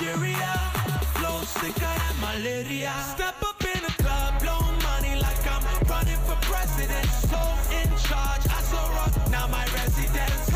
Nigeria. Flow sicker than malaria. Step up in the club, blow money like I'm running for president. So in charge, I so rock, now my residence.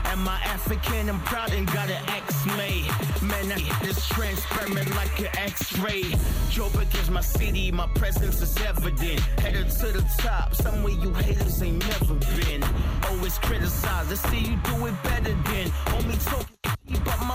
Am I African? I'm proud and got an X made. Man, I this transparent like an X ray. Joe is my city, my presence is evident. Headed to the top, somewhere you haters ain't never been. Always criticized, I see you do it better than. Homie, talking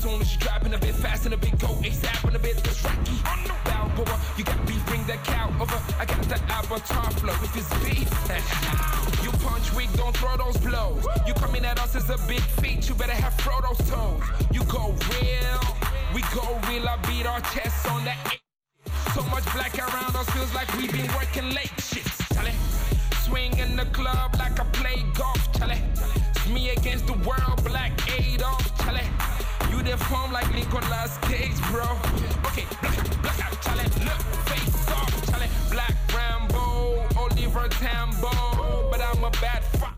soon as you dropping a bit fast and a bit go ASAP and a bit less rocky. I'm no Balboa, you got beef, bring that cow over. I got that avatar flow if it's beef. you punch weak, don't throw those blows. You coming at us as a big feat, you better have Frodo's toes. You go real, we go real. I beat our chests on that. So much black around us feels like we've been working late. Shit, Charlie. Swing in the club like I play golf, Charlie. It's me against the world, black Adolf, It do their form like Nicolas Cage, bro. Okay, black, black out, challenge, look, face off, challenge, black Rambo, Oliver Tambo, but I'm a bad fox,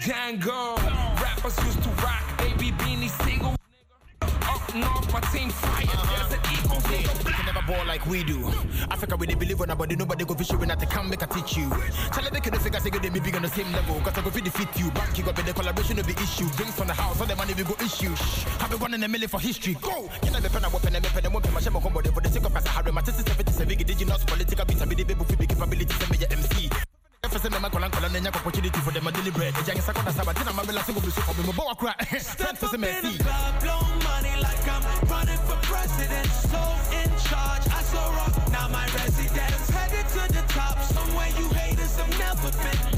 Django. Rappers used to rock, baby beanie single. Up north, my team fire, there's an eagle ball like we do. Africa, we they believe on nobody, nobody go fish when I can make I teach you. Tell them they can figure say they may be on the same level. Cause I go defeat you. Back you up the collaboration will be issue. Drinks from the house, all the money we go issue. Shh, have been one in a million for history. Go! You know the pen I weapon and weapon and weapon my shaman combo for the sake of my Sahara. My test is 77 big indigenous political beats. I be the baby with big capability to me MC. Fese me makola nkola your opportunity for them a deliberate. Ejangi I'm a singo bisu for me mo bawa kra. Stand for the me president, so in charge. I saw rock, now my residence. Headed to the top, somewhere you haters have never been.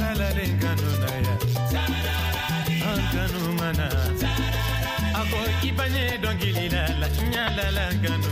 saralalenganonaya ankanumana ako ibanye dɔnkilila la ɲalalangano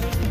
girl.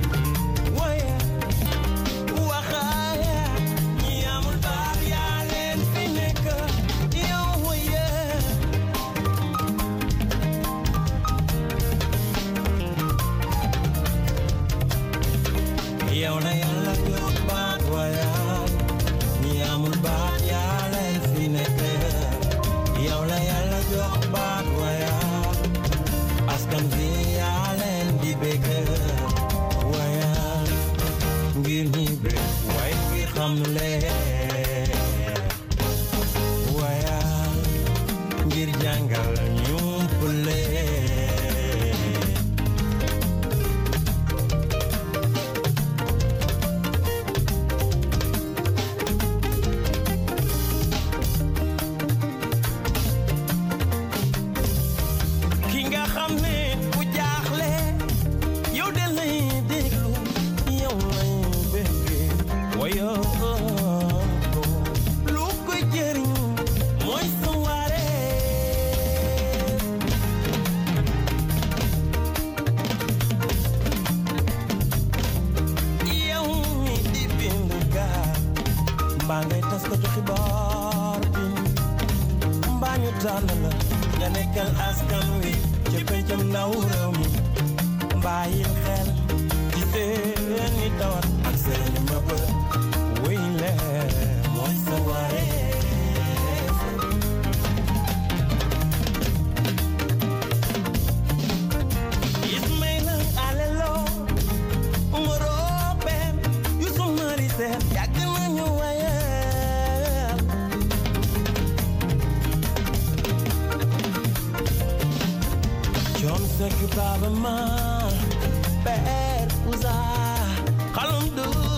nga xam ne Sanki babama, ber uza, kalum Kalundu.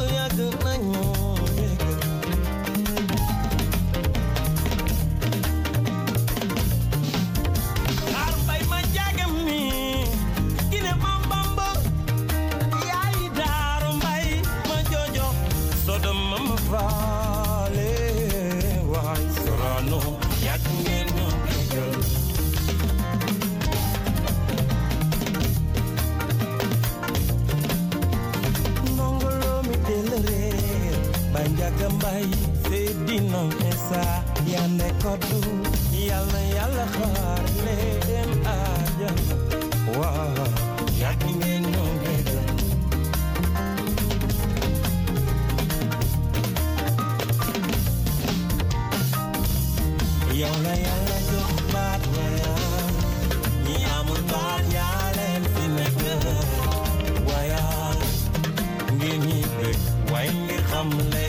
sa ya ne ko du yalla yalla xaar leen àjjana waaw yàgg ngeen ñoo ngeen yow la yàlla jox baat waya ya amul baat yaa leen fi nekk waya ngeen ñi bëgg waaye ngir xam leen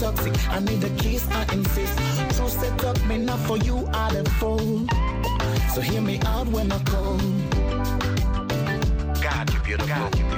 toxic. I need a kiss, I insist. True set up, me not for you, I the fall. So hear me out when I call. God, you beautiful. God, you beautiful.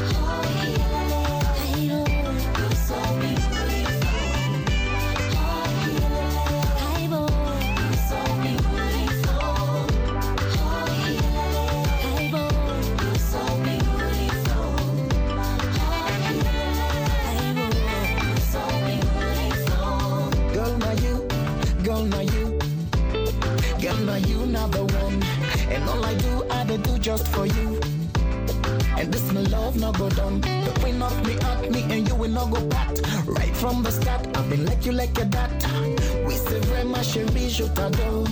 And all I do, I do just for you. And this my love no go down. The queen of me up me and you will not go back. Right from the start, I've been like you like a dat. We say vrai ma chérie, je t'adore.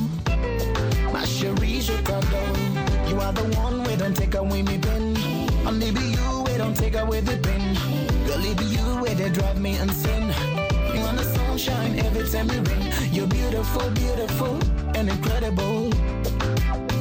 Ma chérie, je t'adore. You are the one we don't take away me pen. Only be you we don't take away the pin. Girl, it be you where they drive me insane. You want the sunshine every time you rain. You're beautiful, beautiful, and incredible.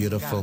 beautiful.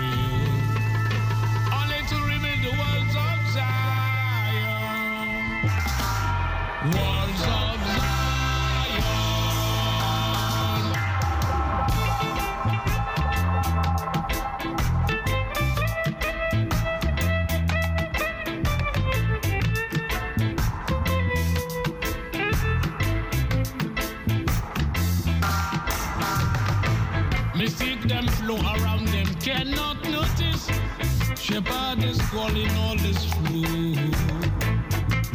all is true.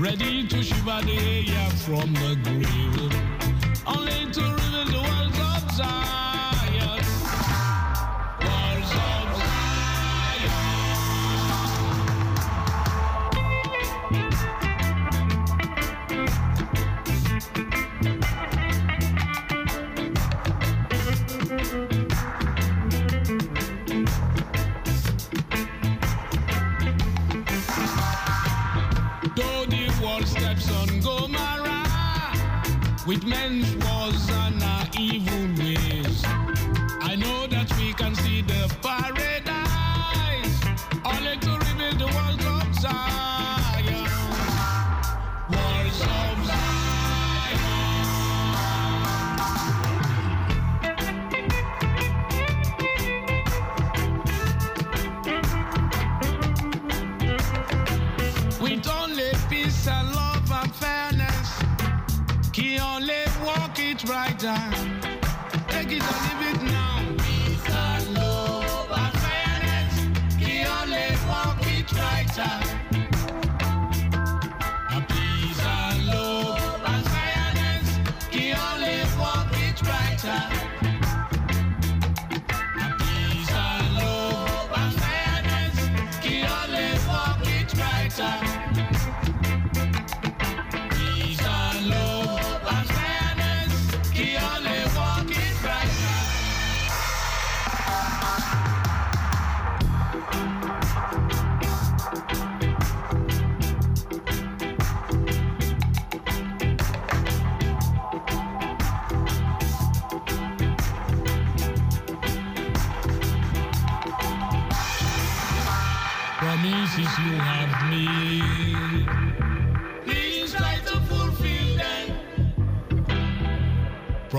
Ready to shiver the air from the grave. with men right down.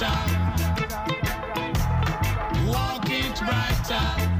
right up. Walking right up.